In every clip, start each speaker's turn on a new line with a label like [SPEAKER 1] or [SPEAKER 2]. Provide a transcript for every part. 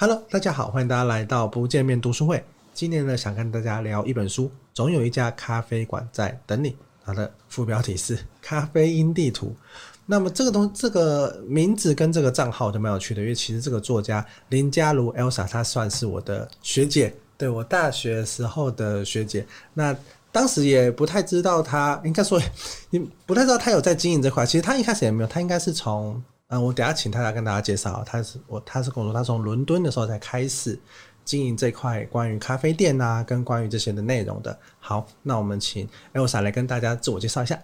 [SPEAKER 1] Hello，大家好，歡迎大家來到不見面讀書會。今天呢，想跟大家聊一本書，《總有一家咖啡館在等你》。它的，副標題是《咖啡因地圖》。那麼這個東這個名字跟這個賬號就蠻有趣的，因為其實這個作家林加如 Elsa，她算是我的學姐，對我大學時候的學姐。那當時也不太知道她，應該說你不太知道她有在經營這塊。其實她一開始也沒有，她應該是從。嗯、啊，我等下請他來跟大家介紹，他是我，他是跟我說，他從倫敦的時候才開始經營這塊關於咖啡店啊，跟關於這些的內容的。好，那我們請 Elsa 來跟大家自我介紹一下。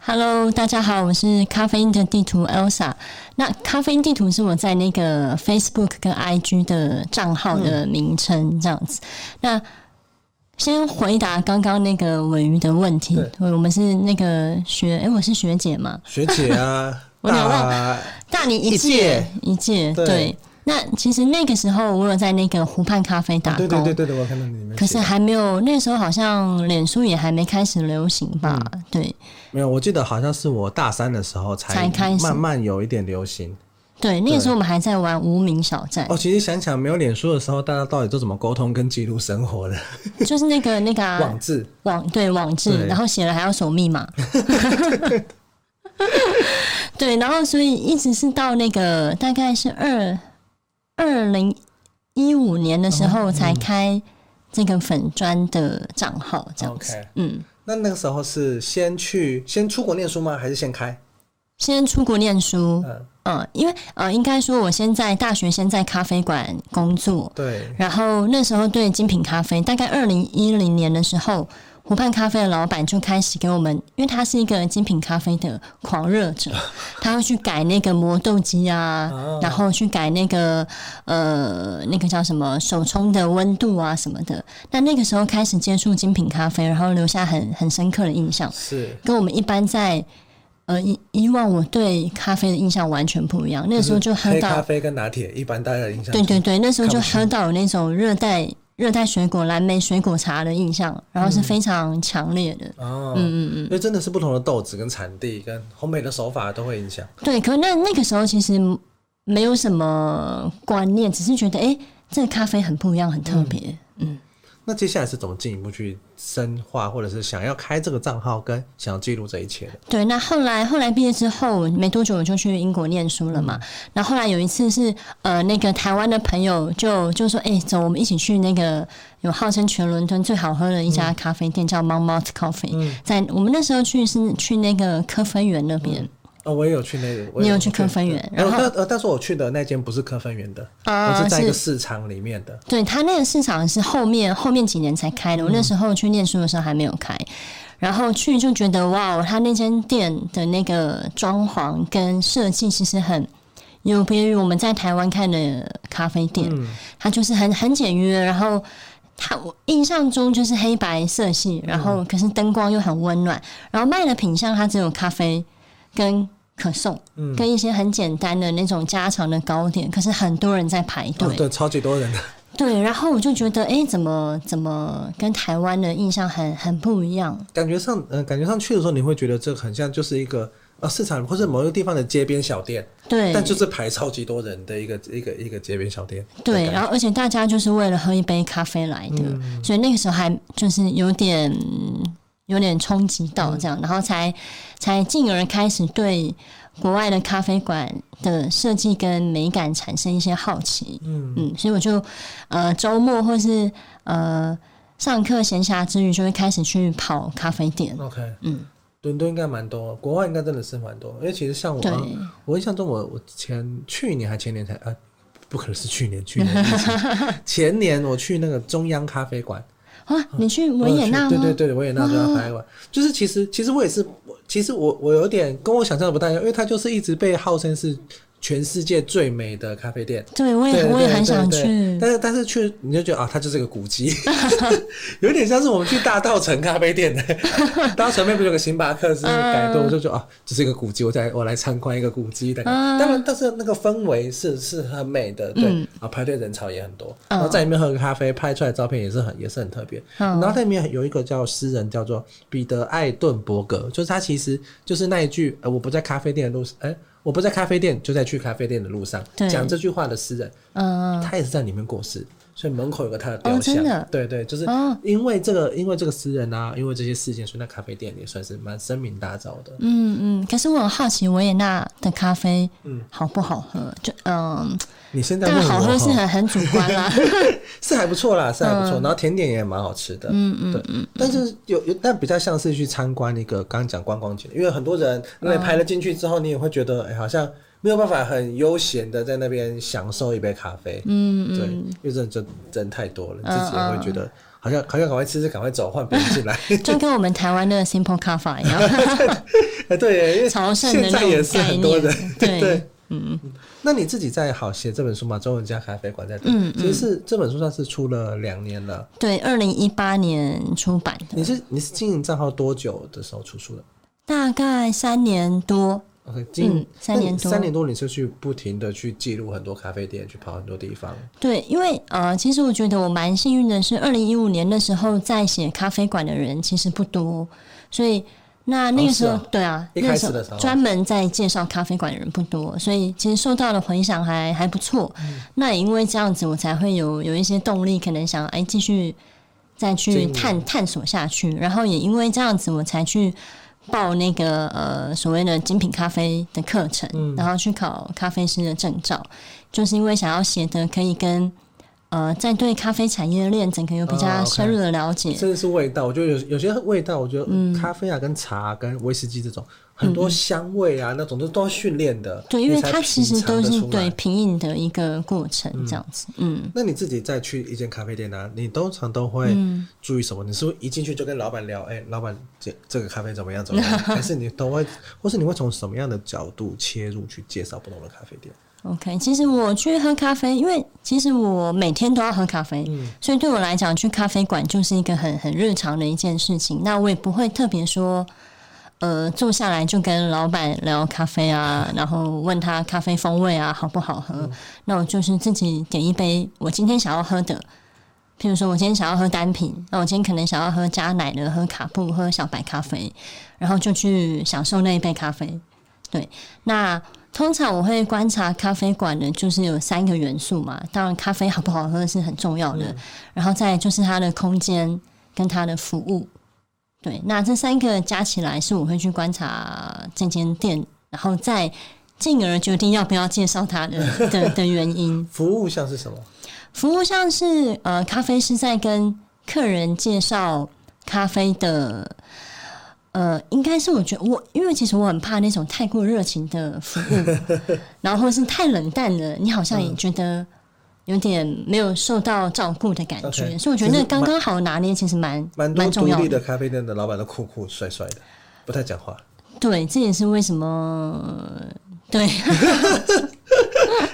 [SPEAKER 2] Hello，大家好，我是咖啡因的地圖 Elsa。那咖啡因地圖是我在那個 Facebook 跟 IG 的賬號的名稱這樣子。嗯、那先回答剛剛那個鮪魚的問題，對我們是那個學，哎、欸，我是學姐嘛，學姐啊。 大林，大你一屆一屆，對。那其實那個時候，我有在那個湖畔咖啡打工，對對對，我看到你們。可是還沒有，那時候好像臉書也還沒開始流行吧？對。
[SPEAKER 1] 沒有，我記得好像是我大三的時候才開始慢慢有一點流行。
[SPEAKER 2] 對，那個時候我們還在玩無名小站。哦，其
[SPEAKER 1] 實想想沒有臉書的時候，大家到底都怎麼溝通跟記錄生活的？
[SPEAKER 2] 就是那個那個網誌網，對網誌，然後寫了還要鎖密碼。 對，然後所以一直是到那個大概是二二零一五年的時候才開這個粉專的賬號，這樣
[SPEAKER 1] 嗯。嗯，那那個時候是先去先出國念書嗎？還是先開？
[SPEAKER 2] 先出國念書。嗯，嗯，因為呃，應該說我現在大學先在咖啡館工作。對。然後那時候對精品咖啡，大概二零一零年的時候。湖畔咖啡的老闆就開始給我們，因為他是一個精品咖啡的狂熱者，他會去改那個磨豆機啊， 然後去改那個呃那個叫什麼手沖的溫度啊什麼的。那那個時候開始接觸精品咖啡，然後留下很很深刻的印象。是跟我們一般在呃以往我對咖啡的印象完全不一樣。那個時候就喝到黑
[SPEAKER 1] 咖啡跟拿鐵，一般大家的印象。對對對，那時候就喝
[SPEAKER 2] 到那種熱帶。熱帶水果、藍莓水果茶的印象，然後是非常強烈的。嗯、哦，嗯嗯嗯，
[SPEAKER 1] 因為真的是不同的豆子、跟產地、跟烘焙的手法都會影響。
[SPEAKER 2] 對，可是那那個時候其實沒有什麼觀念，只是覺得哎、欸，這個咖啡很不一樣，很特別。嗯，嗯
[SPEAKER 1] 那接下來是怎麼進一步去？深化，或者是想要開這個賬號，跟想要記錄這一切的。
[SPEAKER 2] 對，那後來後來畢業之後沒多久，我就去英國念書了嘛。嗯、然後，後來有一次是呃，那個台灣的朋友就就說：“哎、欸，走，我們一起去那個有號稱全倫敦最好喝的一家咖啡店，嗯、叫貓貓咖啡。在”在我們那時候去是去那個科芬園那邊。嗯
[SPEAKER 1] 哦、我也有去那個，我也有，你有去柯芬園，然後但呃，但是、哦哦、我去的那間不是柯芬園的，呃、我是在一個市場裡面的。
[SPEAKER 2] 對，他那個市場是後面後面幾年才開的，我那時候去唸書的時候還沒有開。嗯、然後去就覺得哇、哦，他那間店的那個裝潢跟設計其實很有別於我們在台灣看的咖啡店。嗯、他它就是很很簡約，然後他，我印象中就是黑白色系，然後可是燈光又很溫暖，然後賣的品項它只有咖啡跟。可頌跟一些很簡單的那種家常的糕點，可是很多人在排隊，嗯，
[SPEAKER 1] 對，超級多人的。
[SPEAKER 2] 對，然後我就覺得，哎、欸，怎麼怎麼跟台灣的印象很很不一樣？
[SPEAKER 1] 感覺上，嗯、呃，感覺上去的時候，你會覺得這很像就是一個呃、啊、市場，或者某一個地方的街邊小店。對，但就是排超級多人的一個一個一個街邊小店。
[SPEAKER 2] 對，然後而且大家就是為了喝一杯咖啡來的，嗯、所以那個時候還就是有點。有點衝擊到這樣，嗯、然後才才進而開始對國外的咖啡館的設計跟美感產生一些好奇。嗯
[SPEAKER 1] 嗯，
[SPEAKER 2] 所以我就呃周末或是呃上課閒暇之餘，就會開始去跑咖啡店。OK，嗯，
[SPEAKER 1] 倫敦應該蠻多，國外應該真的是蠻多。因為其實像我剛剛，對我印象中我我前去年還前年才啊，不可能是去年，去年 前年我去那個中央咖啡館。
[SPEAKER 2] 啊，你去維也納嗎？啊？對對
[SPEAKER 1] 對，維也納都要拍完。啊，就是其實其實我也是，其實我我有點跟我想象的不太一樣，因為他就是一直被號稱是。全世界最美的咖啡店，對我也我也很想去。但是但是去你就覺得啊，它就是一個古蹟，有點像是我們去大稻埕咖啡店的。大稻埕那不是有個星巴克是改的，我就覺得啊，這是一個古蹟，我在我來參觀一個古蹟的。當然，但是那個氛圍是是很美的，對啊，排隊人潮也很多。然後在裡面喝個咖啡，拍出來照片也是很也是很特別。然後在裡面有一個叫詩人，叫做彼得艾頓伯格，就是他其實就是那一句，我不在咖啡店的路上，誒我不在咖啡店，就在去咖啡店的路上。講對這句話的詩人，
[SPEAKER 2] 嗯，他
[SPEAKER 1] 也是在裡面過世。所以門口有個他的雕像，哦、對對，就是因為這個，哦、因為這個詩人啊，因為這些事件，所以那咖啡店也算是蠻聲名大噪的。
[SPEAKER 2] 嗯嗯，可是我很好奇，維也納的咖啡嗯好不好喝？就嗯，你現在好喝是很很主觀啦，
[SPEAKER 1] 嗯、 是還不錯啦，是還不錯。嗯、然後甜點也蠻好吃的，嗯嗯嗯嗯。對嗯，但是有有，但比較像是去參觀一個剛剛講觀光景，因為很多人那拍了進去之後，嗯、你也會覺得哎、欸，好像。沒有辦法很悠閒的在那邊享受一杯咖啡，嗯對，因為這真的人太多了，嗯、自己也會覺得好像、嗯、好像趕快吃吃，趕快走，換別人進
[SPEAKER 2] 來，啊，就跟我們台灣的 Simple Cafe 一、啊、樣，
[SPEAKER 1] 哎 對，對，因
[SPEAKER 2] 為朝聖的店也是很多人的，對對，
[SPEAKER 1] 嗯嗯。那你自己在好寫這本書嘛？總有一家咖啡館在，嗯，嗯，其實是這本書上是出了兩年了，
[SPEAKER 2] 對，二零一八年出版的。你
[SPEAKER 1] 是你是經營賬號多久的時候出書的？
[SPEAKER 2] 大概三年多。Okay, 嗯，三年多，三年
[SPEAKER 1] 多你是去不停的去記錄很多咖啡店，去跑很多地方。
[SPEAKER 2] 對，因為呃，其實我覺得我蠻幸運的是，二零一五年的時候在寫咖啡館的人其實不多，所以那那個時候，哦、啊對啊，一開始的時候專門在介紹咖啡館的人不多，所以其實受到的回響還還不錯。嗯、那也因為這樣子，我才會有有一些動力，可能想哎繼續再去探你探索下去。然後也因為這樣子，我才去。報那個呃所謂的精品咖啡的課程，嗯、然後去考咖啡師的證照，就是因為想要寫的可以跟呃，在對咖啡產業的鏈整個有比較深入的了解，哦、okay, 甚至
[SPEAKER 1] 是味道。我覺得有有些味道，我覺得嗯咖啡啊，跟茶、啊、跟威士忌這種。很多香味啊，嗯、那種都要訓練的。對，因為它其實都是對
[SPEAKER 2] 品飲的一個過程，這樣子。嗯，嗯，
[SPEAKER 1] 那你自己再去一間咖啡店呢？啊？你通常都會注意什麼？嗯、你是不是一進去就跟老闆聊？哎、欸，老闆這這個咖啡怎麼樣？怎麼樣？ 還是你都會，或是你會從什麼樣的角度切入去介紹不同的咖啡店
[SPEAKER 2] ？OK，其實我去喝咖啡，因為其實我每天都要喝咖啡，嗯、所以對我來講，去咖啡館就是一個很很日常的一件事情。那我也不會特別說。呃，坐下來就跟老闆聊咖啡啊，然後問他咖啡風味啊好不好喝。嗯、那我就是自己點一杯我今天想要喝的，譬如說我今天想要喝單品，那我今天可能想要喝加奶的，喝卡布，喝小白咖啡，然後就去享受那一杯咖啡。對，那通常我會觀察咖啡館的，就是有三個元素嘛。當然，咖啡好不好喝是很重要的，嗯、然後再來就是它的空間跟它的服務。對，那這三個加起來是我會去觀察這間店，然後再進而決定要不要介紹它的的的原因。 服務項是什麼？服務項是呃，咖啡師在跟客人介紹咖啡的，呃，應該是我覺得我，因為其實我很怕那種太過熱情的服務，然後是太冷淡的，你好像也覺得。有點沒有受到照顧的感覺，okay, 所以我覺得那剛剛好拿捏，其實蠻蠻蠻重要的。獨立的
[SPEAKER 1] 咖啡店的老板都酷酷帥帥的，不太講話。
[SPEAKER 2] 對，這也是為什麼。對
[SPEAKER 1] 欸，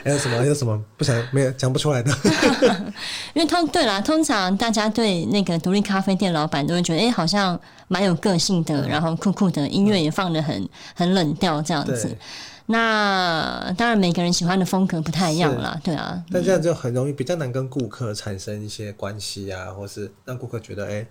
[SPEAKER 1] 還有什麼？有什麼不想沒有講不出來的？
[SPEAKER 2] 因為通對啦，通常大家對那個獨立咖啡店的老板都會覺得，哎、欸，好像蠻有個性的，嗯、然後酷酷的，音樂也放的很、嗯、很冷調這樣子。那當然，每個人喜歡的風格不太一樣啦，是對啊。嗯、但這
[SPEAKER 1] 樣就很容易比較難跟顧客產生一些關係啊，或是讓顧客覺得哎，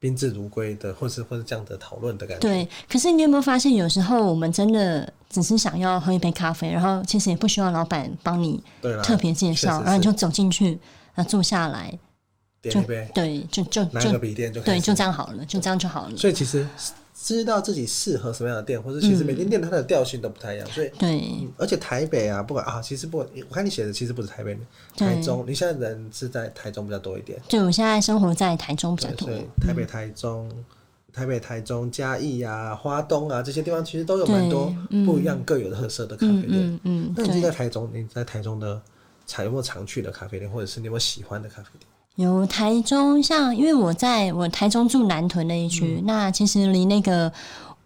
[SPEAKER 1] 賓至如歸的，或是或是這樣的討論的感覺。對，
[SPEAKER 2] 可是你有沒有發現，有時候我們真的只是想要喝一杯咖啡，然後其實也不需要老闆幫你特別介紹，然後你就走進去，然後坐下來，就對，就就拿個筆電就可以對，就這樣好了，對就這樣就好了。所以其實。
[SPEAKER 1] 知道自己適合什麼樣的店，或者其實每間店它的調性都不太一樣，嗯、所以，對而且台北啊，不管啊，其實不管，我看你寫的其實不是台北，對台中，你現在人是在台中比較多一點。對，
[SPEAKER 2] 我現在生活在台中比較多。對
[SPEAKER 1] 台北、台中、嗯、台北、台中、嘉義啊、花東啊這些地方，其實都有蠻多不一樣、各有特色的咖啡店。嗯，那你是在台中，你在台中的踩過常去的咖啡店，或者是你有沒有喜歡的咖啡店？
[SPEAKER 2] 有台中，像因為我在我台中住南屯那一區，嗯、那其實離那個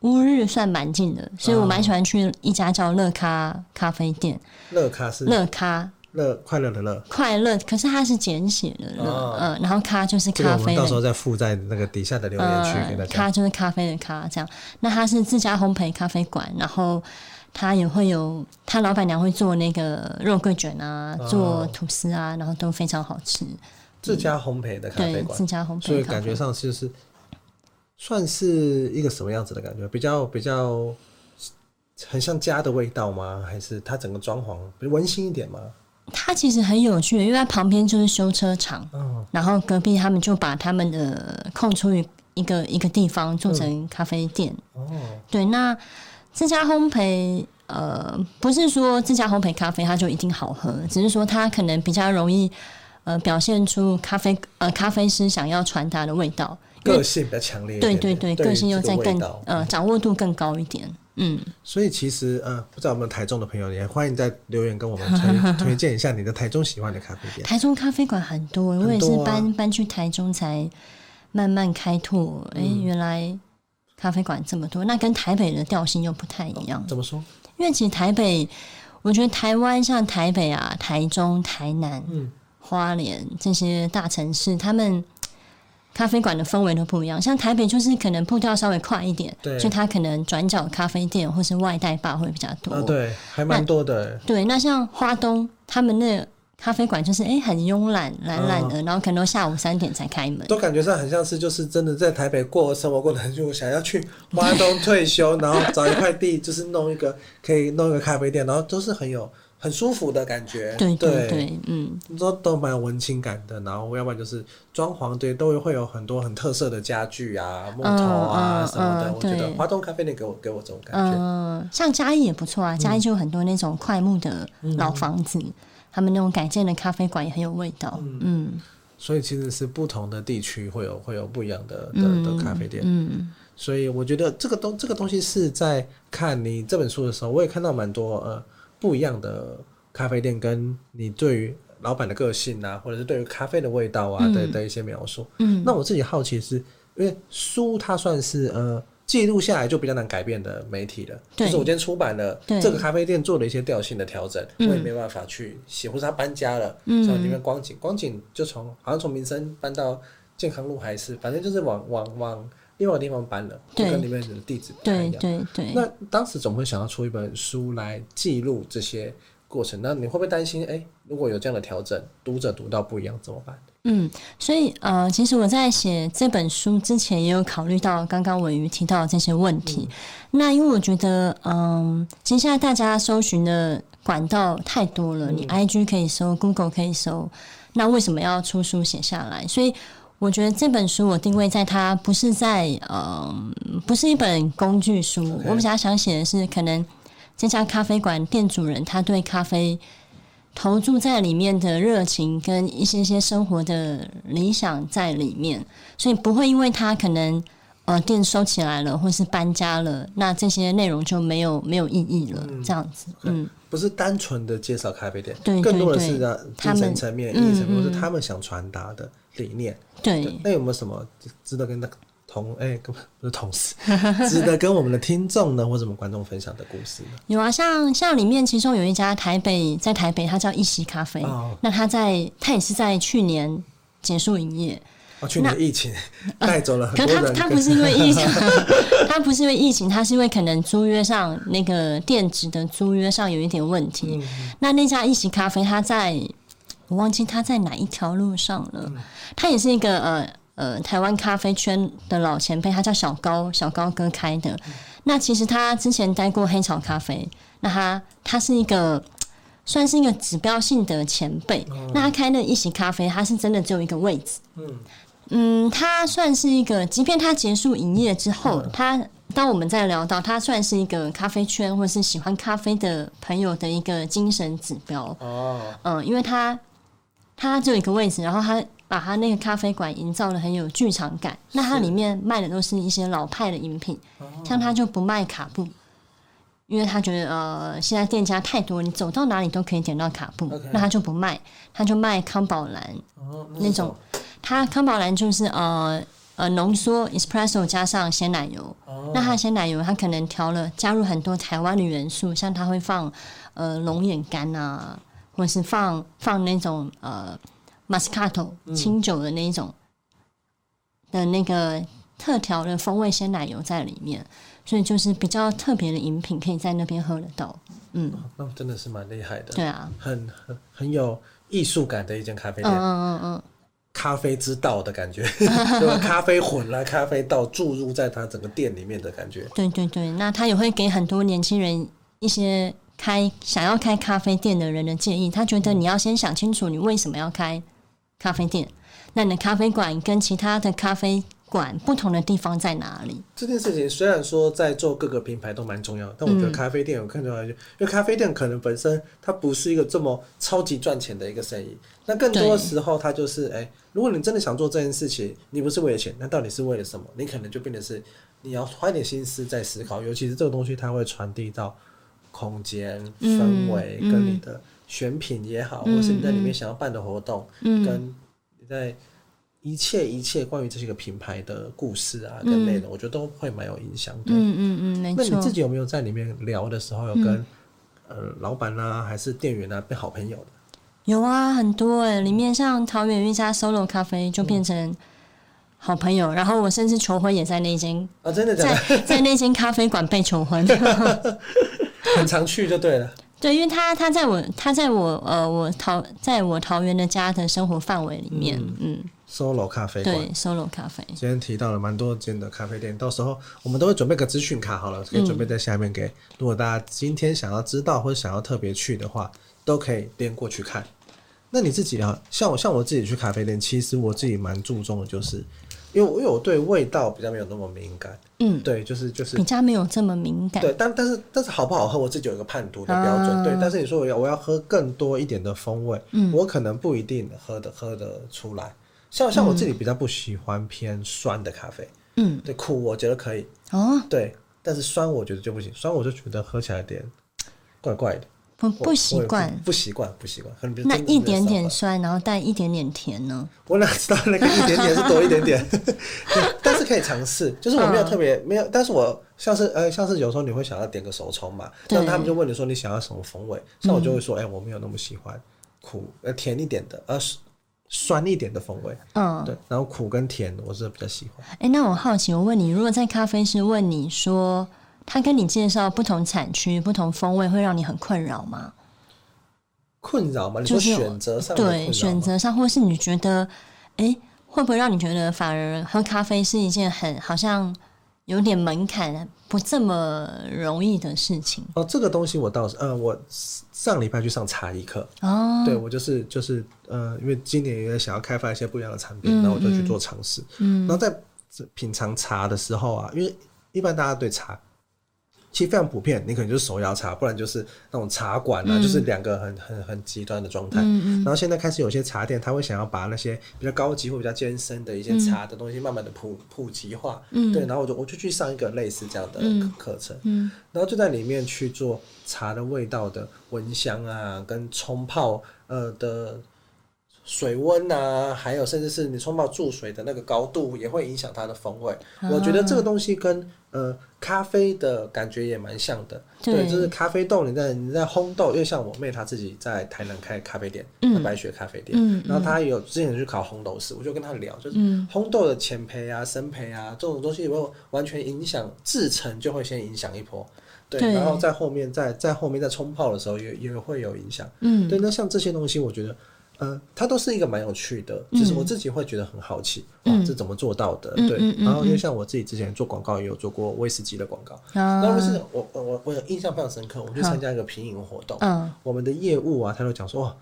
[SPEAKER 2] 烏日算蠻近的，所以我蠻喜歡去一家叫樂咖咖啡店。樂咖
[SPEAKER 1] 是樂咖，樂快樂的樂，
[SPEAKER 2] 快樂。可是它是簡寫的樂，哦、嗯。然後咖就是咖啡。我們到時候
[SPEAKER 1] 再附在那個底下的留言區給大家、呃、咖就
[SPEAKER 2] 是咖啡的咖，這樣。那它是自家烘焙咖啡館，然後它也會有，它老板娘會做那個肉桂捲啊，做吐司啊，然後都非常好吃。自家
[SPEAKER 1] 烘焙的咖啡館，自家烘焙。所以感覺上就是算是一個什麼樣子的感覺？比較比較很像家的味道嗎？還是它整個裝潢比較溫馨一點嗎？
[SPEAKER 2] 它其實很有趣的，因為它旁邊就是修車廠，哦、然後隔壁他們就把他們的空出一個一個地方做成咖啡店，嗯、哦，對，那自家烘焙呃，不是說自家烘焙咖啡它就一定好喝，只是說它可能比較容易。呃，表現出咖啡呃咖啡師想要傳達的味道，個性比較
[SPEAKER 1] 強烈。對對對，對個，個性又在更、嗯、呃
[SPEAKER 2] 掌握度更高一點。嗯，
[SPEAKER 1] 所以其實呃，不知道有沒有台中的朋友也歡迎在留言跟我們推 推薦一下你的台中喜歡的咖啡店。台中
[SPEAKER 2] 咖啡館很多。欸，我也是搬、啊、搬去台中才慢慢開拓。哎、欸，嗯、原來咖啡館這麼多，那跟台北的調性又不太一樣。怎麼說？因為其實台北，我覺得台灣像台北啊、台中、台南，嗯。花蓮這些大城市，他們咖啡館的氛圍都不一樣。像台北就是可能步調稍微快一點，就對它可能轉角咖啡店或是外帶吧會比較多。啊、
[SPEAKER 1] 對，還蠻多的。
[SPEAKER 2] 對，那像花東，他們那個咖啡館就是哎、欸、很慵懶、懶懶的，嗯、然後可能都下午三點才開門，都
[SPEAKER 1] 感覺上很像是就是真的在台北過生活過的很久，我想要去花東退休， 然後找一塊地，就是弄一個可以弄一個咖啡店，然後都是很有。很舒服的感覺，對
[SPEAKER 2] 對
[SPEAKER 1] 對，對嗯，都都蠻有文青感的。然後，要不然就是裝潢，對，都會有很多很特色的家具啊、木頭啊、呃、什麼的。呃、我覺得華東咖啡店給我給我這種
[SPEAKER 2] 感覺。嗯、呃，像嘉義也不錯啊，嘉義就有很多那種檜木的老房子，嗯、他們那種改建的咖啡館也很有味道。嗯，嗯
[SPEAKER 1] 所以其實是不同的地區會有會有不一樣的的、嗯、的咖啡店。嗯，所以我覺得這個東這個東西是在看你這本書的時候，我也看到蠻多呃。不一樣的咖啡店，跟你對於老闆的個性啊，或者是對於咖啡的味道啊的、嗯、的一些描述，嗯，那我自己好奇是因為書它算是呃記錄下來就比較難改變的媒體了，對，就是我今天出版了這個咖啡店做了一些調性的調整，對我也沒辦法去寫，嗯、或者他搬家了，嗯，像裡面光景，光景就從好像從民生搬到健康路還是，反正就是往往往往。因為我地方搬了，對就跟裡面的地址不一樣。對對對。對對，那當時總會想要出一本書來記錄這些過程。那你會不會擔心？哎、欸，如果有這樣的調整，讀者讀到不一樣怎麼辦？
[SPEAKER 2] 嗯，所以呃，其實我在寫這本書之前也有考慮到剛剛鮪魚提到的這些問題。嗯、那因為我覺得，嗯、呃，接下來大家搜尋的管道太多了，嗯、你 IG 可以搜，Google 可以搜，那為什麼要出書寫下來？所以。我覺得這本書我定位在它不是在，嗯，呃，不是一本工具書，Okay. 我比較想寫的是可能這家咖啡館店主人他對咖啡投注在裡面的熱情跟一些些生活的理想在裡面，所以不會因為他可能。呃，店收起來了，或是搬家了，那這些內容就沒有沒有意義了，嗯、這樣子，嗯，
[SPEAKER 1] 呃、不是單純的介紹咖啡店，對對對，更多的是精神層面，一層，嗯嗯，或是他們想傳達的理念。對，對，那有沒有什麼值得跟那個同哎、欸，不是同事， 值得跟我們的聽眾呢，或者我們觀眾分享的故事呢？
[SPEAKER 2] 有啊，像像裡面，其中有一家台北，在台北，它叫一席咖啡，哦、那它在它也是在去年結束營業。哦，
[SPEAKER 1] 去年的疫情帶、呃、走了很多，可他忍他不是因為疫情，
[SPEAKER 2] 他不是因為疫情，他是因為可能租約上那個店址的租約上有一點問題。嗯、那那家一席咖啡，他在我忘記他在哪一條路上了。嗯、他也是一個呃呃台灣咖啡圈的老前輩，他叫小高，小高哥開的。嗯、那其實他之前待過黑草咖啡，那他他是一個算是一個指標性的前輩。嗯、那他開的一席咖啡，他是真的只有一個位置。嗯。嗯，他算是一個，即便他結束營業之後，他當我們在聊到他算是一個咖啡圈或者是喜歡咖啡的朋友的一個精神指標嗯、oh. 呃，因為他他就有一個位置，然後他把他那個咖啡館營造得很有劇場感。是那他裡面賣的都是一些老派的飲品，像他就不賣卡布，oh. 因為他覺得呃現在店家太多，你走到哪裡都可以點到卡布，Okay. 那他就不賣，他就賣康寶藍、oh. 那種。它康寶藍就是呃呃濃縮 espresso 加上鮮奶油，哦、那它鮮奶油它可能調了加入很多台灣的元素，像它會放呃龍眼乾啊，或是放放那種呃 muscato 清酒的那一種的那個特調的風味鮮奶油在裡面，所以就是比較特別的飲品，可以在那邊喝得到。嗯，哦、那
[SPEAKER 1] 真的是蠻厲害的，對啊，很很很有藝術感的一間咖啡店。嗯嗯嗯嗯。咖啡之道的感覺， 對吧？咖啡混了咖啡道注入在他整個店裡面的感覺。
[SPEAKER 2] 對對對，那他也會給很多年輕人一些開想要開咖啡店的人的建議。他覺得你要先想清楚你為什麼要開咖啡店，那你的咖啡館跟其他的咖啡。管不同的地方在哪裡？
[SPEAKER 1] 這件事情雖然說在做各個品牌都蠻重要，但我覺得咖啡店有更重要的，因為咖啡店可能本身它不是一個這麼超級賺錢的一個生意。
[SPEAKER 2] 那更多的時
[SPEAKER 1] 候，它就是哎對，如果你真的想做這件事情，你不是為了錢，那到底是為了什麼？你可能就變得是你要花一點心思在思考。嗯、尤其是這個東西，它會傳遞到空間氛圍、嗯，跟你的選品也好，嗯、或是你在裡面想要辦的活動，嗯、跟你在。一切一切，關於這些個品牌的故事啊，跟內容，我覺得都會蠻有影響，嗯對嗯。嗯嗯嗯，
[SPEAKER 2] 沒錯，那你自己有
[SPEAKER 1] 沒有在裡面聊的時候，有跟、嗯、呃老闆啊，還是店員啊，被好朋友的？
[SPEAKER 2] 有啊，很多誒、欸。裡面像桃園一家 Solo 咖啡，就變成好朋友。嗯、然後我甚至求婚也在那間啊。真的假的？在在那間咖啡館被求婚。
[SPEAKER 1] 很常去就對了。
[SPEAKER 2] 對，因為他他在我他在我呃我桃在我桃園的家的生活範圍裡面，嗯。嗯
[SPEAKER 1] Solo 咖啡店。對，Solo 咖啡。
[SPEAKER 2] 今
[SPEAKER 1] 天提到了蠻多間的咖啡店，到時候我們都會準備個資訊卡，好了，可以準備在下面給。嗯、如果大家今天想要知道，或者想要特別去的話，都可以顛過去看。那你自己啊，像我，像我自己去咖啡店，其實我自己蠻注重的，就是因為我因為我對味道比較沒有那麼敏感，嗯，對，就是就是比
[SPEAKER 2] 較沒有這麼敏感，對。
[SPEAKER 1] 但但是但是好不好喝，我自己有一個判讀的標準，呃、對。但是你說我要我要喝更多一點的風味，嗯，我可能不一定喝的喝的出來。像像我自己比較不喜歡偏酸的咖啡，嗯，對，苦我覺得可以，哦，對，但是酸我覺得就不行，酸我就覺得喝起來有點怪怪的，
[SPEAKER 2] 不不習慣，
[SPEAKER 1] 不習慣不習慣。不不可能那一點
[SPEAKER 2] 點酸，然後帶一點點甜呢？
[SPEAKER 1] 我哪知道那個一點點是多一點點？ 對但是可以嘗試，就是我沒有特別沒有，啊、但是我像是呃、欸、像是有時候你會想要點個手沖嘛，那對他們就問你說你想要什麼風味，那我就會說哎、嗯欸、我沒有那麼喜歡苦呃甜一點的，而是。酸一點的風味，嗯，對，然後苦跟甜我是比較喜歡。
[SPEAKER 2] 哎、欸，那我好奇，我問你，如果在咖啡師問你說他跟你介紹不同產區、不同風味，會讓你很困擾嗎？
[SPEAKER 1] 困擾嗎？你說嗎就是選擇上，對，選
[SPEAKER 2] 擇上，或是你覺得，哎、欸，會不會讓你覺得反而喝咖啡是一件很好像？有點門檻，不這麼容易的事情
[SPEAKER 1] 哦。這個東西我倒是，嗯、呃，我上禮拜去上茶藝課哦。對，我就是就是，呃，因為今年也想要開發一些不一樣的產品，嗯嗯，然後我就去做嘗試。嗯，然後在品嘗茶的時候啊，因為一般大家對茶。其實非常普遍，你可能就是手搖茶，不然就是那種茶館啊，嗯、就是兩個很很很極端的狀態，嗯。嗯然後現在開始有些茶店，他會想要把那些比較高級或比較艱深的一些茶的東西，慢慢的普普及化。嗯。對，然後我就我就去上一個類似這樣的課程，嗯，嗯，然後就在裡面去做茶的味道的聞香啊，跟沖泡呃的。水溫啊，還有甚至是你沖泡注水的那個高度，也會影響它的風味。Oh、我覺得這個東西跟呃咖啡的感覺也蠻像的。對，對，就是咖啡豆你在你在烘豆，因為像我妹她自己在台南開咖啡店，嗯，白雪咖啡店，嗯，然後她有之前去考烘豆師，我就跟她聊，就是烘豆的淺焙啊、深焙啊這種東西有，有完全影響製成，就會先影響一波，
[SPEAKER 2] 對，對然後
[SPEAKER 1] 在後面在在後面在沖泡的時候也也會有影響，嗯，對，那像這些東西，我覺得。嗯、它都是一個蠻有趣的，就是我自己會覺得很好奇，嗯哦、這怎麼做到的？嗯、對，嗯、然後就像我自己之前做廣告，也有做過威士忌的廣告。那不，嗯、是我，我我有印象非常深刻，我們去參加一個品飲活動，嗯、我們的業務啊，他都講說，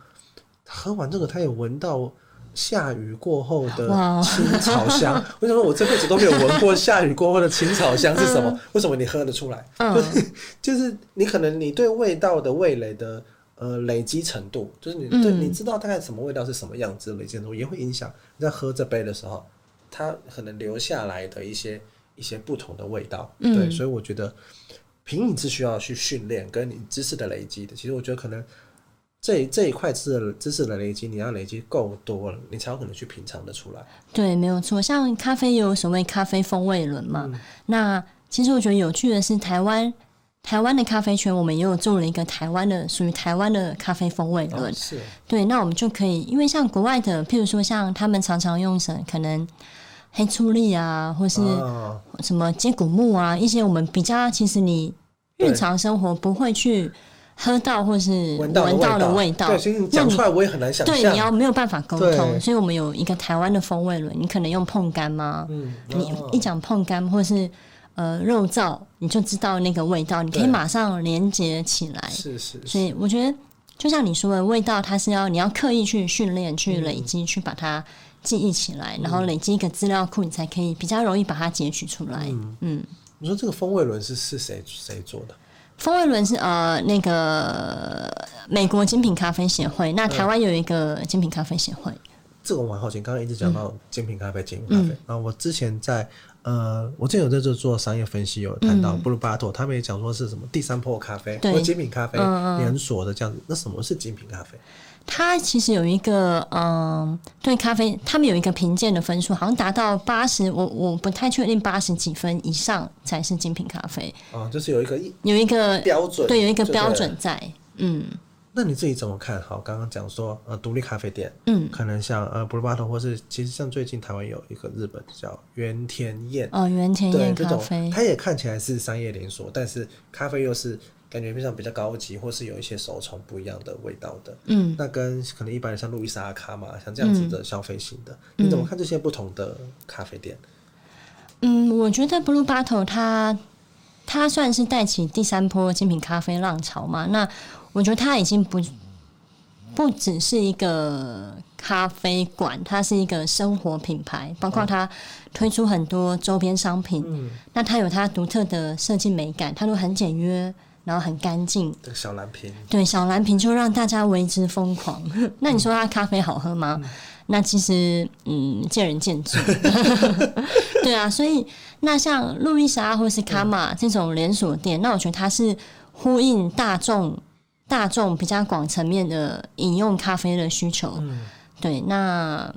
[SPEAKER 1] 喝完這個，他也聞到下雨過後的青草香。為什麼我這輩子都沒有聞過下雨過後的青草香是什麼？嗯、為什麼你喝得出來？嗯、就是，就是你可能你對味道的味蕾的。呃，累積程度就是你，你你知道大概什麼味道是什麼樣子的，累積程度也會影響你在喝這杯的時候，它可能留下來的一些一些不同的味道。嗯、對，所以我覺得品飲，是需要去訓練，跟你知識的累積的。嗯、其實我覺得可能這一這一塊是知識的累積，你要累積夠多了，你才有可能去品嘗的出來。
[SPEAKER 2] 對，沒有錯。像咖啡有所謂咖啡風味輪嘛。嗯、那其實我覺得有趣的是台灣。台灣的咖啡圈，我們也有做了一個台灣的屬於台灣的咖啡風味輪。哦？是，對，那我們就可以，因為像國外的，譬如說像他們常常用什麼，可能黑醋栗啊，或是什麼接骨木啊，哦、一些我們比較其實你日常生活不會去喝到或是聞到的味道。那講出來
[SPEAKER 1] 我也很難想像。對，你要沒
[SPEAKER 2] 有辦法溝通，對所以我們有一個台灣的風味輪，你可能用碰乾嗎？嗯、你一講碰乾或是。呃，肉燥，你就知道那個味道，你可以馬上連接起來。是是，是。所以我覺得，就像你說的味道，它是要你要刻意去訓練、去累積、嗯、去把它記憶起來，然後累積一個資料庫，你才可以比較容易把它截取出來。
[SPEAKER 1] 嗯。你、嗯、說這個風味輪是是誰誰做的？
[SPEAKER 2] 風味輪是呃那個美國精品咖啡協會。嗯、那台灣有一個精品咖啡協會。
[SPEAKER 1] 這個我好奇，剛剛一直講到精品咖啡、精品咖啡，那、嗯、我之前在。呃，我之前有在這做商業分析，有談到 Blue Bottle，嗯、他們也講說是什麼第三波咖啡，說對精品咖啡連鎖、呃、的這樣子。那什麼是精品咖啡？
[SPEAKER 2] 它其實有一個，嗯、呃，對咖啡，他們有一個評鑑的分數，好像達到八十，我我不太確定八十幾分以上才是精品咖啡。
[SPEAKER 1] 哦、嗯，就是有一個
[SPEAKER 2] 一有一個標準，對，有一個標準在，嗯。
[SPEAKER 1] 那你自己怎麼看？好，剛剛講說，呃，獨立咖啡店，嗯，可能像呃、blue、b bottle，l u e 或是其實像最近台灣有一個日本叫原田燕，哦，原田燕咖啡種，它也看起來是商業連鎖，但是咖啡又是感覺非常比較高級，或是有一些手沖不一樣的味道的，嗯，那跟可能一般的像路易莎阿卡瑪，像這樣子的消費型的，你怎麼看這些不同的咖啡店？
[SPEAKER 2] 嗯，我覺得 blue bottle，它它算是帶起第三波精品咖啡浪潮嘛，那。我覺得它已經不不只是一個咖啡館，它是一個生活品牌，包括它推出很多周邊商品。哦、嗯，那它有它獨特的設計美感，它都很簡約，然後很乾淨。小藍瓶，對小藍瓶就讓大家為之瘋狂。 那你說它咖啡好喝嗎？嗯、那其實嗯，見仁見智。 對啊，所以那像路易莎或是卡瑪這種連鎖店，嗯、那我覺得它是呼應大眾。大眾比較廣層面的飲用咖啡的需求，嗯、對，那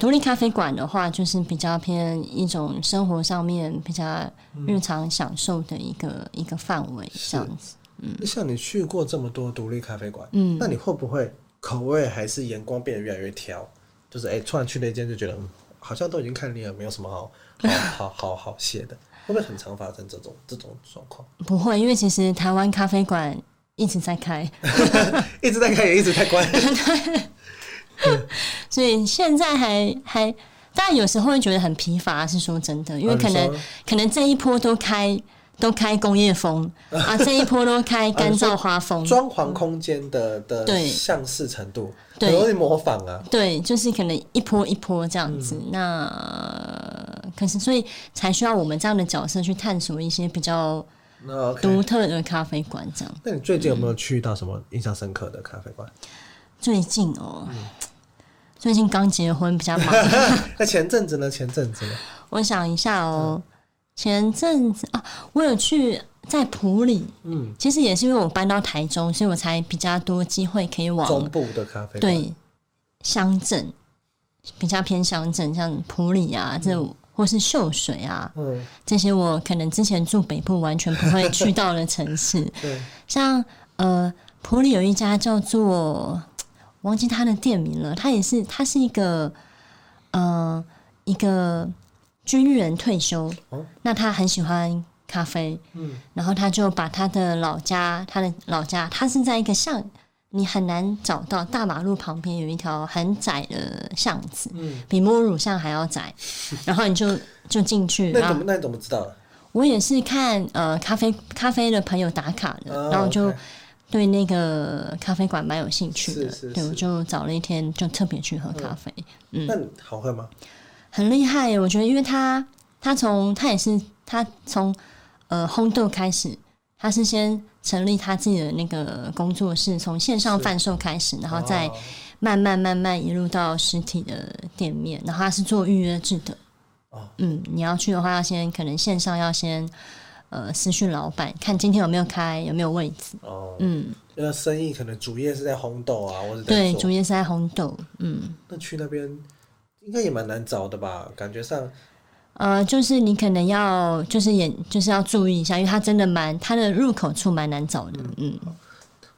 [SPEAKER 2] 獨立咖啡館的話，就是比較偏一種生活上面比較日常享受的一個、嗯、一個範圍這樣
[SPEAKER 1] 子。是嗯，像你去過這麼多獨立咖啡館，嗯，那你會不會口味還是眼光變得越來越挑？嗯、就是哎、欸，突然去那間就覺得好像都已經看膩了，沒有什麼好好好好好寫的， 會不會很常發生這種這種狀況？
[SPEAKER 2] 不會，因為其實台灣咖啡館。一直在開，
[SPEAKER 1] 一直在開也一直在關，
[SPEAKER 2] 對 所以現在還還，大家有時候會覺得很疲乏，是說真的，因為可能、啊、可能這一波都開都開工業風 啊，這一波都開乾燥花風，裝、
[SPEAKER 1] 啊、潢空間的的相似程度很容易模仿啊，
[SPEAKER 2] 對，就是可能一波一波這樣子，嗯、那可是所以才需要我們這樣的角色去探索一些比較。獨 Okay, 特的咖啡館這樣。
[SPEAKER 1] 那你最近有沒有去到什麼印象深刻的咖啡館、嗯？
[SPEAKER 2] 最近哦、喔，嗯、最近剛結婚比較忙、
[SPEAKER 1] 啊。那 前陣子呢？前陣子呢？
[SPEAKER 2] 我想一下哦、喔，嗯、前陣子啊，我有去在埔里。嗯。其實也是因為我搬到台中，所以我才比較多機會可以往中部的咖啡館。對，鄉鎮比較偏鄉鎮，像埔里啊這種。嗯或是秀水啊，嗯、這些我可能之前住北部完全不會去到的城市。 對像呃，埔里有一家叫做忘記他的店名了，他也是他是一個呃一個軍人退休，嗯、那他很喜歡咖啡，嗯、然後他就把他的老家，他的老家，他是在一個像。你很難找到，大馬路旁邊有一條很窄的巷子，嗯、比摸乳巷還要窄。然後你就就進去。那怎麼那怎麼知道？我也是看呃咖啡咖啡的朋友打卡的，哦、然後就對那個咖啡館蠻有興趣的。是是是對，我就找了一天，就特別去喝咖啡。嗯，
[SPEAKER 1] 那好喝嗎？
[SPEAKER 2] 很厲害，我覺得，因為他他從他也是他從呃烘豆開始。他是先成立他自己的那個工作室，從線上販售開始，哦、然後再慢慢慢慢一路到實體的店面。然後他是做預約制的，哦、嗯，你要去的話要先可能線上要先呃私訊老板看今天有沒有開，有沒有位置
[SPEAKER 1] 哦，嗯，那生意可能主業是在烘豆啊，或者對，主業是
[SPEAKER 2] 在烘豆，嗯，
[SPEAKER 1] 那去那邊應該也蠻難找的吧？感覺上。
[SPEAKER 2] 呃，就是你可能要，就是也，就是要注意一下，因為它真的蠻，它的入口處蠻難找的。嗯，嗯，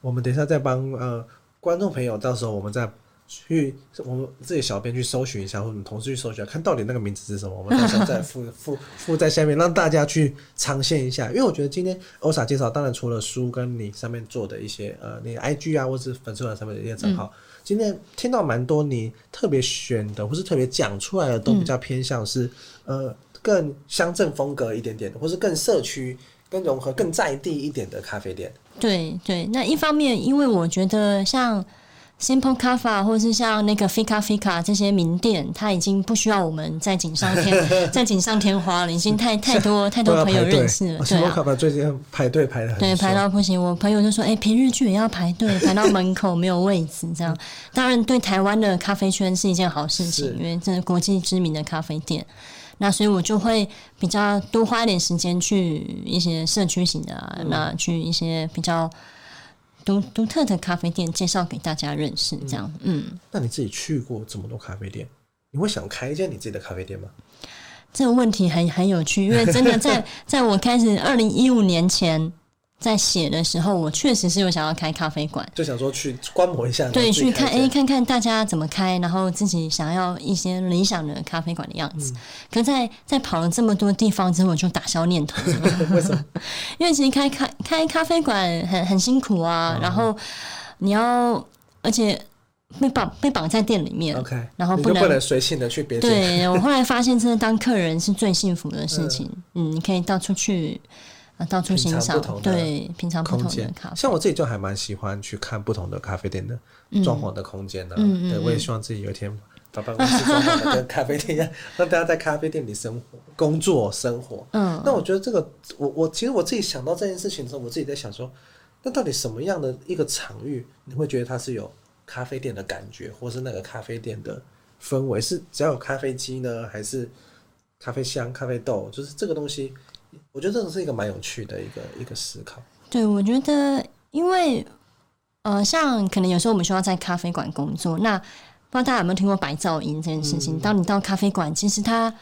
[SPEAKER 1] 我們等一下再幫呃觀眾朋友，到時候我們再去我們自己小編去搜尋一下，或者你同事去搜尋，看到底那個名字是什麼，我們到時候再附 附附，附在下面，讓大家去嘗鮮一下。因為我覺得今天 Elsa 介紹，當然除了書，跟你上面做的一些呃，你 IG 啊，或者是粉絲團上面的一些賬號。嗯今天聽到蠻多，你特別選的或是特別講出來的，都比較偏向是，呃，更鄉鎮風格一點點，或是更社區、更融合、更在地一點的咖啡店。
[SPEAKER 2] 嗯。對對對，那一方面，因為我覺得像，Simple Kaffa 或是像那個 Fika Fika, 這些名店，它已經不需要我們在錦上添， 在錦上添花了，已經太太多太多朋友認識了。啊哦、Simple Kaffa
[SPEAKER 1] 最近排隊排的對排
[SPEAKER 2] 到不行，我朋友就說：“哎、欸，平日去也要排隊，排到門口沒有位置。”這樣 當然對台灣的咖啡圈是一件好事情，是因為這是國際知名的咖啡店。那所以我就會比較多花一點時間去一些社區型的、啊，嗯、那去一些比較。獨獨特的咖啡店介紹給大家認識，這樣，嗯。
[SPEAKER 1] 嗯，那你自己去過這麼多咖啡店，你會想開一間你自己的咖啡店嗎？
[SPEAKER 2] 這個問題很很有趣，因為真的在 在我開始二零一五年前。在寫的時候，我確實是有想要開咖啡館，
[SPEAKER 1] 就想說去觀摩一下。對，去看哎、欸，
[SPEAKER 2] 看看大家怎麼開，然後自己想要一些理想的咖啡館的樣子。嗯、可在在跑了這麼多地方之後，我就打消念頭。為什麼？因為其實開咖開咖啡館很很辛苦啊，嗯、然後你要，而且被綁被綁在店裡面。OK，然後你就不能隨性的去別。對，我後來發現，真的當客人是最幸福的事情。嗯，你、嗯、可以到處去。到處欣賞不同的，對，平常空間。像
[SPEAKER 1] 我自己就還蠻喜歡去看不同的咖啡店的裝潢的空間的。嗯嗯，我也希望自己有一天把辦公室裝潢得跟咖啡店一樣， 讓大家在咖啡店裡生活、工作、生活。嗯，那我覺得這個，我我其實我自己想到這件事情的時候，我自己在想說，那到底什麼樣的一個場域，你會覺得它是有咖啡店的感覺，或是那個咖啡店的氛圍？是只要有咖啡機呢，還是咖啡香、咖啡豆？就是這個東西。我覺得這個是一個蠻有趣的一個一個思考。
[SPEAKER 2] 對，我覺得，因為，呃，像可能有時候我們需要在咖啡館工作，那不知道大家有沒有聽過白噪音這件事情？嗯，當你到咖啡館，其實它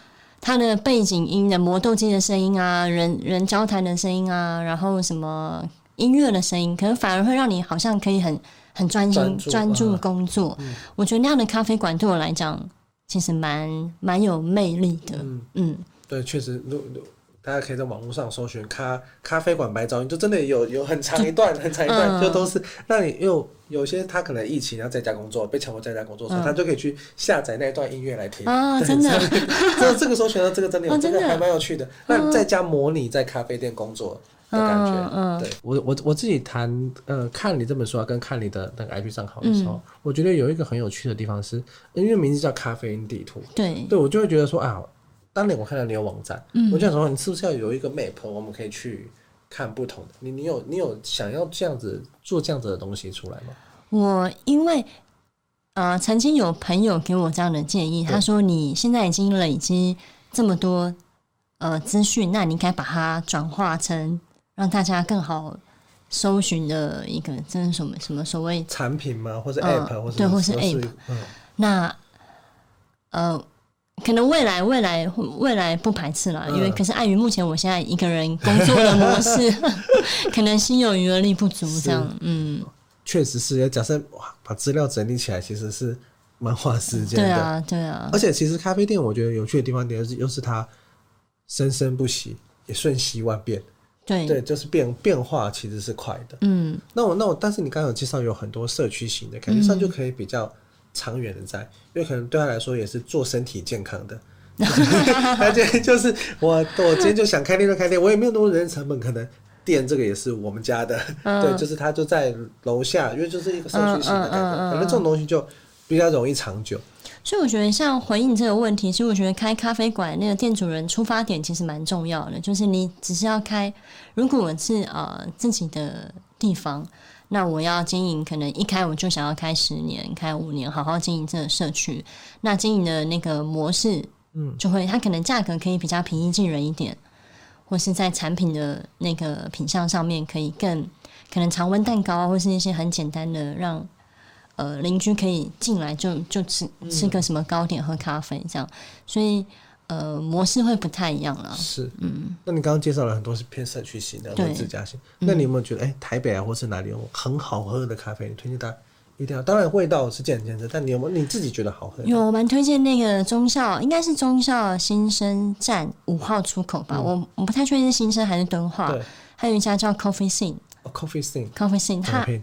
[SPEAKER 2] 它的背景音的磨豆機的聲音啊，人人交談的聲音啊，然後什麼音樂的聲音，可能反而會讓你好像可以很很專心專注，專注工作。嗯，我覺得那樣的咖啡館對我來講，其實蠻蠻有魅力的。嗯，嗯
[SPEAKER 1] 對，確實，大家可以在網絡上搜尋咖咖啡館白噪音，就真的有有很長一段很長一段，就都是那你又有些他可能疫情要在家工作，被強迫在家工作，所以他就可以去下載那一段音樂來聽啊，真的，這這個搜尋到這個真的，真的還蠻有趣的。那在家模擬在咖啡店工作的感
[SPEAKER 2] 覺，對
[SPEAKER 1] 我我我自己談呃，看你這本書啊，跟看你的那個 IP 賬號的時候，我覺得有一個很有趣的地方是，因為名字叫咖啡因地圖，對，對我就會覺得說啊。當年我看到你有網站，嗯、我就想說，你是不是要有一個 map，我們可以去看不同的？你你有你有想要這樣子做這樣子的東西出來嗎？
[SPEAKER 2] 我因為呃，曾經有朋友給我這樣的建議，他說你現在已經累積這麼多呃資訊，那你應該把它轉化成讓大家更好搜尋的一個，這是什麼什麼所謂
[SPEAKER 1] 產品嗎？或是 app，、呃、或者對，或是 app。
[SPEAKER 2] 嗯，那呃。可能未來、未來、未來不排斥了，嗯、因為可是礙於目前我現在一個人工作的模式， 可能心有餘而力不足這樣。是嗯，
[SPEAKER 1] 確實是。假設哇，把資料整理起來其實是蠻花時間的。對啊，
[SPEAKER 2] 對啊，對啊。而且
[SPEAKER 1] 其實咖啡店我覺得有趣的地方點是，又是它生生不息，也瞬息萬變。
[SPEAKER 2] 對對，
[SPEAKER 1] 就是變變化其實是快的。
[SPEAKER 2] 嗯。
[SPEAKER 1] 那我那我，但是你剛剛有介紹有很多社區型的，感覺上、嗯、就可以比較。長遠的債，因為可能對他來說也是做身體健康的，而且 就，就是我我今天就想開店就開店，我也沒有那麼多人力成本，可能店這個也是我們家的，嗯、對，就是他就在樓下，因為就是一個社區型的，嗯嗯嗯嗯、可能這種東西就比較容易長久。
[SPEAKER 2] 所以我覺得像回應這個問題，其實我覺得開咖啡館那個店主人出發點其實蠻重要的，就是你只是要開，如果我是呃自己的地方。那我要經營，可能一開我就想要開十年，開五年，好好經營這個社區。那經營的那個模式，嗯，就會它可能價格可以比較平易近人一點，或是在產品的那個品相上面可以更可能常溫蛋糕啊，或是一些很簡單的讓，讓呃鄰居可以進來就就吃吃個什麼糕點、喝咖啡這樣，所以。呃，模式會不太一樣了。
[SPEAKER 1] 是，嗯，那你剛剛介紹了很多是偏社區型的或自家型，對那你有沒有覺得，哎、嗯欸，台北啊，或是哪裡有很好喝的咖啡？你推薦大家一定要，當然味道是見仁見智，但你有沒有你自己覺得好喝？有，
[SPEAKER 2] 我蠻推薦那個忠孝，應該是忠孝新生站五號出口吧。我、嗯、我不太確定是新生還是敦化。對，還有一家叫 Coffee sind, S、oh, Coffee sind, s i e n e Coffee sind, s i n e Coffee s i e n e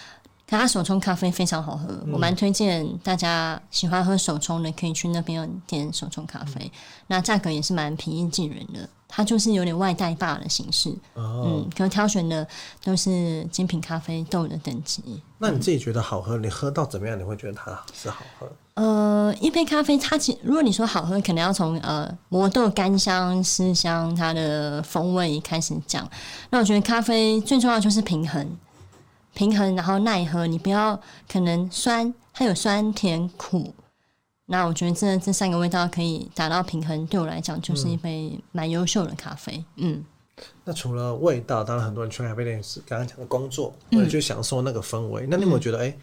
[SPEAKER 2] 他手沖咖啡非常好喝，我蠻推薦大家喜歡喝手沖的可以去那邊點手沖咖啡。嗯、那價格也是蠻平易近人的，它就是有點外帶霸的形式。哦、嗯，可挑選的都是精品咖啡豆的等級。那你
[SPEAKER 1] 自己覺得好喝？嗯、你喝到怎麼樣？你會覺得它是好
[SPEAKER 2] 喝？呃，一杯咖啡它，它其如果你說好喝，可能要從呃磨豆乾香、濕香、它的風味開始講。那我覺得咖啡最重要就是平衡。平衡，然後耐喝。你不要可能酸，它有酸甜苦，那我覺得這這三個味道可以達到平衡，對我來講就是一杯蠻優秀的咖啡。嗯，嗯，那
[SPEAKER 1] 除了味道，當然很多人去咖啡店是剛剛講的工作，或者就享受那個氛圍。嗯、那你有、沒有覺得哎、欸、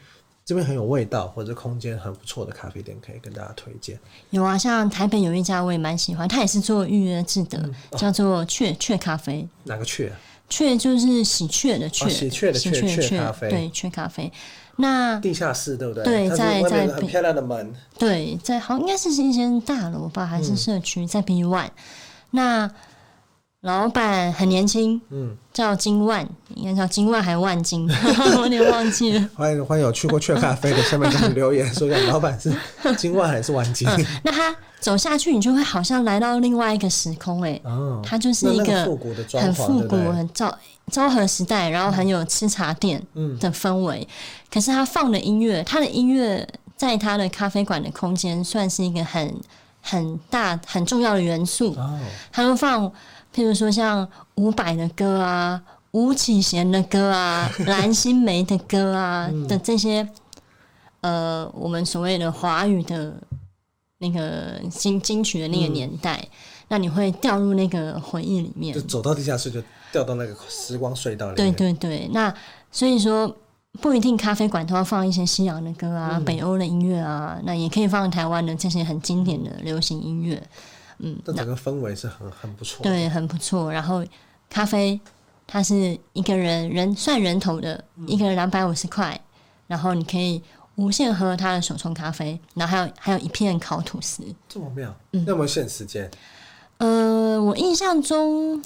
[SPEAKER 1] 這邊很有味道，或者空間很不錯的咖啡店可以跟大家推薦？
[SPEAKER 2] 有啊，像台北有一家我也蠻喜歡，它也是做預約制的，嗯哦、叫做鵲鵲咖啡。
[SPEAKER 1] 哪個鵲、啊？
[SPEAKER 2] 鵲，就是喜鵲的鵲，喜鵲、哦、的鵲，對鵲、鵲、鵲、鵲咖啡。
[SPEAKER 1] 對，咖啡，那對，在在對，
[SPEAKER 2] 對，在好應該是是一間大樓吧，還是社區在 B One，嗯、那。老板很年輕、嗯，嗯，叫金萬，應該叫金萬還是萬金？嗯、 我有點忘記了。
[SPEAKER 1] 歡迎歡迎，有去過鵲咖啡的， 下面留言說一下，老板是金萬還是萬金？嗯、那他
[SPEAKER 2] 走下去，你就會好像來到另外一個時空、欸，哎、哦，他就是一個復古的裝潢很復古，昭昭和時代，然後很有喫茶店的氛圍。嗯嗯、可是他放的音樂，他的音樂在他的咖啡館的空間算是一個很很大很重要的元素。哦、他都放。譬如說，像伍佰的歌啊、吳啟賢的歌啊、藍心湄的歌啊 的這些，嗯、呃，我們所謂的華語的那個金金曲的那個年代，嗯、那你會掉入那個回憶裡面，就走到地
[SPEAKER 1] 下室就掉到那個時光隧道裡面，那個。對對
[SPEAKER 2] 對，那所以說不一定咖啡館都要放一些西洋的歌啊、嗯、北歐的音樂啊，那也可以放台灣的這些很經典的流行音樂。嗯，那
[SPEAKER 1] 整個氛圍是很那很不錯，對，很
[SPEAKER 2] 不錯。然後咖啡，它是一個人人算人頭的，嗯、一個人兩百五十塊，然後你可以無限喝他的手沖咖啡，然後還有還有一片烤吐司，這麼
[SPEAKER 1] 妙。嗯，那麼限時間、嗯？
[SPEAKER 2] 呃，我印象中，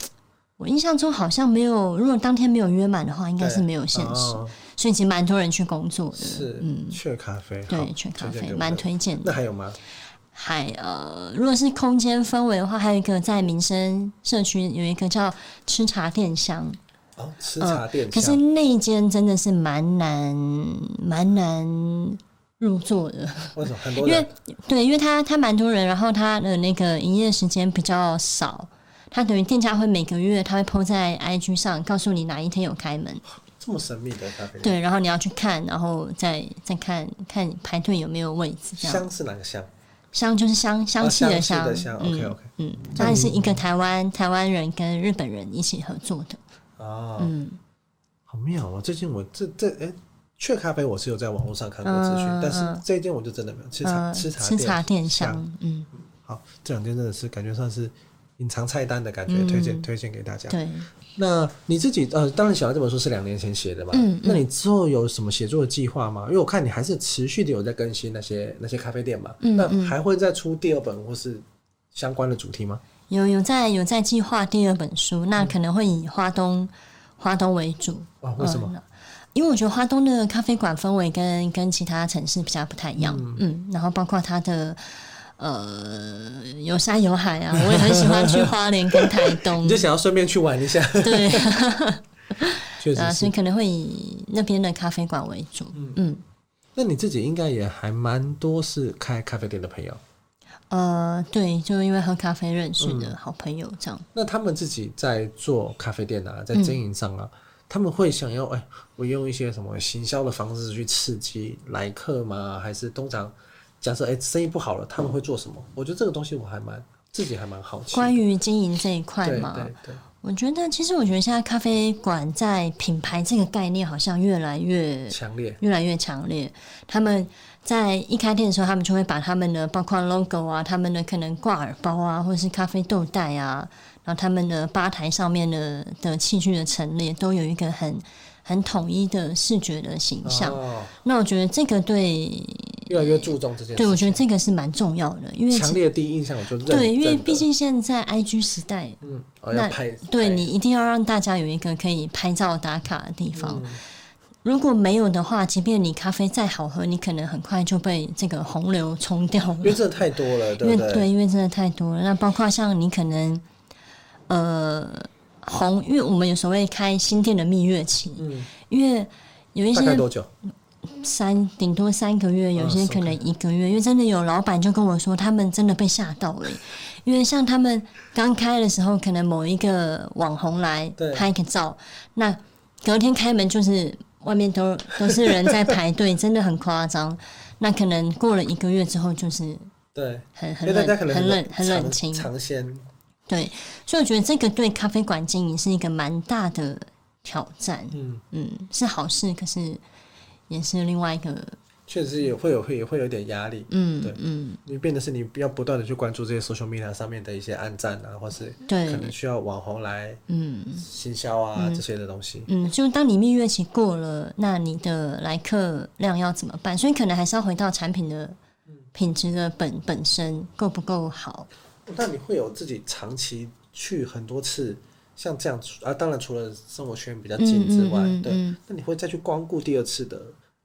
[SPEAKER 2] 我印象中好像沒有，如果當天沒有約滿的話，應該是沒有限時。對所以其實蠻多人去工作的，是對嗯，鵲咖啡，對，鵲咖啡蠻推薦的。的那還有嗎？還呃，如果是空間氛圍的話，還有一個在民生社區有一個叫吃茶店香，哦，吃茶店香？啊，吃茶店。可是那一間真的是蠻難蠻難入座的，為什麼？很多人？
[SPEAKER 1] 因
[SPEAKER 2] 為對，因為他他蠻多人，然後他的那個營業時間比較少，他等於店家會每個月他會 PO 在 IG 上，告訴你哪一天有開門。這麼
[SPEAKER 1] 神秘的。對，
[SPEAKER 2] 然後你要去看，然後再再看看排隊有沒有位置。香是哪個香？香就是香香氣的香，OK OK、啊、嗯，它是一個台灣、嗯、台灣人跟日本人一起合作的，哦、啊，嗯，
[SPEAKER 1] 好妙啊、哦，最近我這這哎鵲、欸、咖啡我是有在網絡上看過資訊，呃、但是這一間我就真的沒有、呃、吃茶吃茶店喫茶店
[SPEAKER 2] 香，香
[SPEAKER 1] 嗯，好，這兩天真的是感覺算是。隱藏菜單的感覺，推薦、嗯、推薦給大家。對，那你自己呃，當然《小愛》這本書是兩年前寫的嘛。嗯，嗯。那你之後有什麼寫作的計劃嗎？因為我看你還是持續的有在更新那些那些咖啡店嘛。嗯，嗯。那還會再出第二本或是相關的主題嗎？
[SPEAKER 2] 有有在有在計劃第二本書，那可能會以花東、嗯、花東為主。啊？為什麼？呃，因為我覺得花東的咖啡館氛圍跟跟其他城市比較不太一樣。嗯嗯。然後包括它的。呃，有山有海啊，我也很喜歡去花蓮跟
[SPEAKER 1] 台東， 你就想要順便去玩一下。對， 確實是啊，所以可
[SPEAKER 2] 能會以那邊的咖啡館為主。嗯，嗯，
[SPEAKER 1] 那你自己應該也還蠻多是開咖啡店的朋友。
[SPEAKER 2] 呃，對，就因為喝咖啡認識的好朋友這樣、
[SPEAKER 1] 嗯。那他們自己在做咖啡店啊，在經營上啊，嗯、他們會想要哎、欸，我用一些什麼行銷的方式去刺激來客嗎？還是通常？假設哎、欸，生意不好了，他們會做什麼？嗯、我覺得這個東西我還蠻自己還蠻好奇。
[SPEAKER 2] 關於經營這一塊嘛，對對對，我覺得其實我覺得現在咖啡館在品牌這個概念好像越來越強烈，越來越強烈。他們在一開店的時候，他們就會把他們的包括 logo 啊，他們的可能掛耳包啊，或者是咖啡豆袋啊，然後他們的吧台上面的的器具的陳列都有一個很。很統一的視覺的形象，哦、那我覺得這個對越
[SPEAKER 1] 來越注重這件事對，我
[SPEAKER 2] 覺得這個是蠻重要的，因為這強
[SPEAKER 1] 烈的第一印象就對，因為
[SPEAKER 2] 畢竟現在 I G 時代，嗯，哦、那拍對拍你一定要讓大家有一個可以拍照打卡的地方，嗯、如果沒有的話，即便你咖啡再好喝，你可能很快就被這個洪流沖掉了，因為
[SPEAKER 1] 這太多了，對對因為對，因
[SPEAKER 2] 為真的太多了，那包括像你可能，呃。紅，因為我們有所謂開新店的蜜月期，嗯，因為有一
[SPEAKER 1] 些
[SPEAKER 2] 三大概多久？頂多三個月，有些可能一個月。因為真的有老板就跟我說，他們真的被嚇到了。因為像他們剛開的時候，可能某一個網紅來拍個照，那隔天開門就是外面都都是人在排隊，真的很誇張。那可能過了一個月之後，就是對
[SPEAKER 1] 很很冷很冷很冷清，嘗鮮。
[SPEAKER 2] 對，所以我覺得這個對咖啡館經營是一個蠻大的挑戰。嗯嗯，是好事，可是也是另外一個，
[SPEAKER 1] 確實也會有會也會有點壓力。嗯，對，嗯，你變得是你要不斷地去關注這些 social media 上面的一些按讚啊，或是可能需要網紅來
[SPEAKER 2] 嗯
[SPEAKER 1] 行銷啊、嗯、這些的東西。嗯，
[SPEAKER 2] 就當你蜜月期過了，那你的來客量要怎麼辦？所以可能還是要回到產品的品質的本、嗯、本身夠不夠好。
[SPEAKER 1] 哦、那你會有自己長期去很多次，像這樣啊？當然，除了生活圈比較近之外，嗯嗯嗯嗯、對，那你會再去光顧第二次的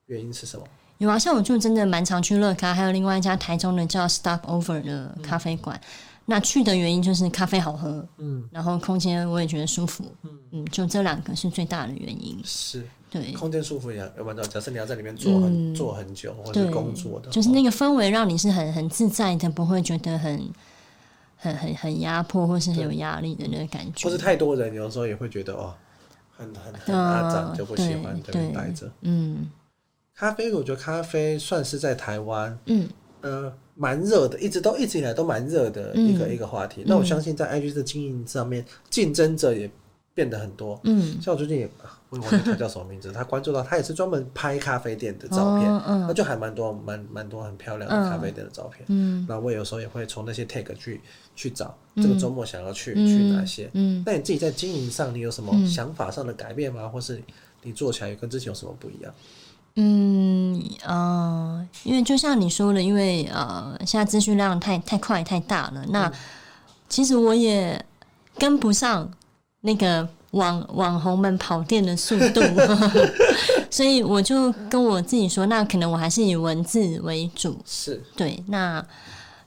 [SPEAKER 1] 原因是
[SPEAKER 2] 什麼？有啊，像我就真的蠻常去樂咖、啊，還有另外一家台中的叫 Stop Over 的咖啡館。嗯、那去的原因就是咖啡好喝，嗯，然後空間我也覺得舒服，嗯，嗯，就這兩個是最大的原因。是，對，
[SPEAKER 1] 空間舒服也蠻多，要不然假設你要在裡面坐很、嗯、坐很久或者工作的，就
[SPEAKER 2] 是那個氛圍讓你是很很自在的，不會覺得很。很很很壓迫或是很有壓力的那個感覺，或是太多
[SPEAKER 1] 人有時候也會覺得哦，很很很誇、啊、張，就不喜歡在那邊待着。
[SPEAKER 2] 嗯，咖啡，
[SPEAKER 1] 我覺得咖啡算是在台灣，嗯呃，蠻熱的，一直都一直以來都蠻熱的一個、嗯、一個話題。那我相信在 I G 的經營上面，競爭者也。變得很多，嗯，像我最近也，我忘記他叫什麼名字，呵呵他關注到他也是專門拍咖啡店的照片，嗯、哦哦、那就還蠻多蠻蠻多很漂亮的咖啡店的照片，哦、嗯，那我有時候也會從那些 tag 去去找這個周末想要去、嗯、去哪些，嗯，那、嗯、你自己在經營上你有什麼想法上的改變嗎？嗯、或是你做起來跟之前有什麼不一樣？嗯
[SPEAKER 2] 呃，因為就像你說的，因為呃，現在資訊量太太快太大了，嗯、那其實我也跟不上。那個網網紅們跑店的速度， 所以我就跟我自己說，那可能我還是以文字為主，是對。那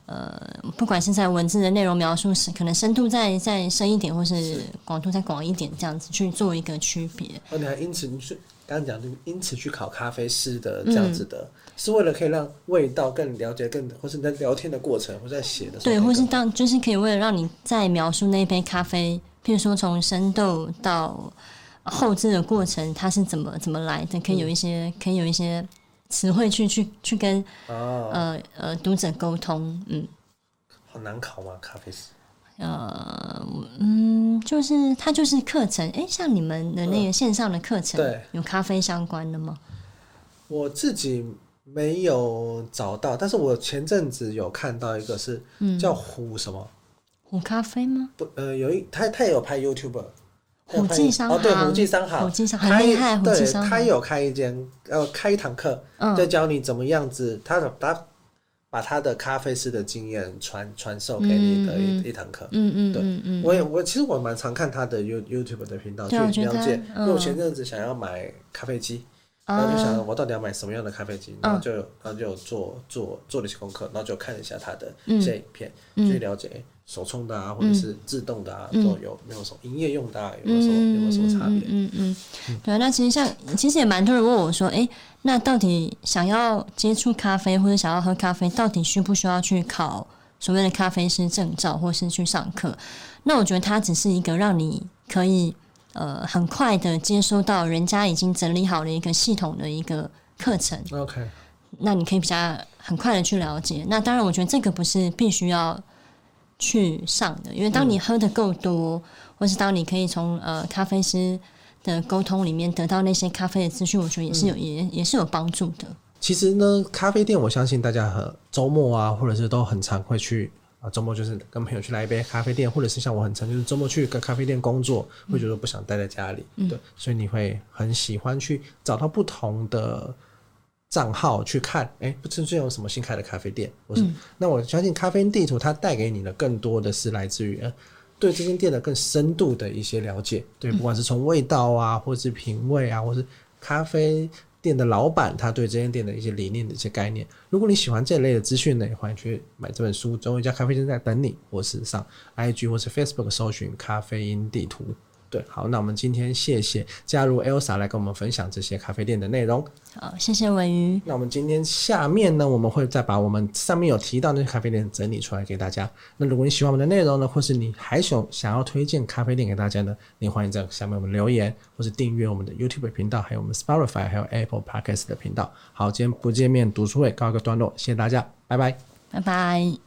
[SPEAKER 2] 呃，不管是在文字的內容描述時，可能深度再再深一點，或是廣度再廣一點，這樣子是去做一個區別。
[SPEAKER 1] 哦，你還因此去剛剛講的因此去考咖啡師的這樣子的，嗯、是為了可以讓味道更了解，更或是你在聊天的過程，或是在寫的對，或是
[SPEAKER 2] 當就是可以為了讓你在描述那一杯咖啡。譬如說，從生豆到後製的過程，嗯、它是怎麼怎麼來的？可以有一些，可以有一些詞彙去去去跟、啊、呃呃讀者溝通。嗯，
[SPEAKER 1] 好難考嗎？咖啡師？呃嗯，
[SPEAKER 2] 就是它就是課程。哎、欸，像你們的那個線上的課程，嗯、有咖啡相關的嗎？
[SPEAKER 1] 我自己沒有找到，但是我前陣子有看到一個是叫虎什麼。嗯
[SPEAKER 2] 虎
[SPEAKER 1] 咖啡嗎？不，呃，有一他他也有拍 YouTube，
[SPEAKER 2] 虎記商號，對，虎記商號，虎記商很厲害，他也有
[SPEAKER 1] 開一間呃開一堂課，再教你怎麼樣子，他把把他的咖啡師的經驗傳傳授給你的一堂課，嗯嗯，對，嗯我也我其實我蠻常看他的 YouTube 的頻道，去了解，因為我前陣子想要買咖啡機，然後就想我到底要買什麼樣的咖啡機，然後就然後就做做做了一些功課，然後就看一下他的一些影片，去了解。手沖的啊，或者是自動的啊，嗯嗯、都有沒有什麼營業用的、啊，有沒有什麼、
[SPEAKER 2] 嗯、差別、嗯？嗯嗯，嗯對。那其實像，其實也蠻多人問我說，哎、欸，那到底想要接觸咖啡或者想要喝咖啡，到底需不需要去考所謂的咖啡師證照，或是去上課？那我覺得它只是一個讓你可以呃很快的接收到人家已經整理好的一個系統的一個課程。OK，那你可以比較很快的去了解。那當然，我覺得這個不是必須要，去上的，因為當你喝得夠多，嗯、或是當你可以從呃咖啡師的溝通裡面得到那些咖啡的資訊，我覺得也是有、嗯、也也是有幫助的。
[SPEAKER 1] 其實呢，咖啡店我相信大家和周末啊，或者是都很常會去啊，呃、周末就是跟朋友去來一杯咖啡店，或者是像我很常就是周末去個咖啡店工作，會覺得不想待在家裡，嗯、對，所以你會很喜歡去找到不同的。賬號去看，誒、欸，不知最近有什麼新開的咖啡店。或是、嗯、那我相信咖啡因地圖它帶給你的更多的是來自於、呃，對這間店的更深度的一些了解。對，不管是從味道啊，或是品味啊，或是咖啡店的老板他對這間店的一些理念的一些概念。如果你喜歡這類的資訊呢，你歡迎去買這本書。總有一家咖啡店在等你。或是上 IG 或是 Facebook 搜尋咖啡因地圖。對，好，那我們今天謝謝加入 Elsa 來跟我們分享這些咖啡店的內容。
[SPEAKER 2] 好，謝謝鮪魚。
[SPEAKER 1] 那我們今天下面呢，我們會再把我們上面有提到的那些咖啡店整理出來給大家。那如果你喜歡我們的內容呢，或是你還想想要推薦咖啡店給大家呢，你歡迎在下面留言，或是訂閱我們的 YouTube 頻道，還有我們 Spotify，還有 Apple Podcast 的頻道。好，
[SPEAKER 2] 今天不見面讀書會告一個段落，謝謝大家，拜拜，拜拜。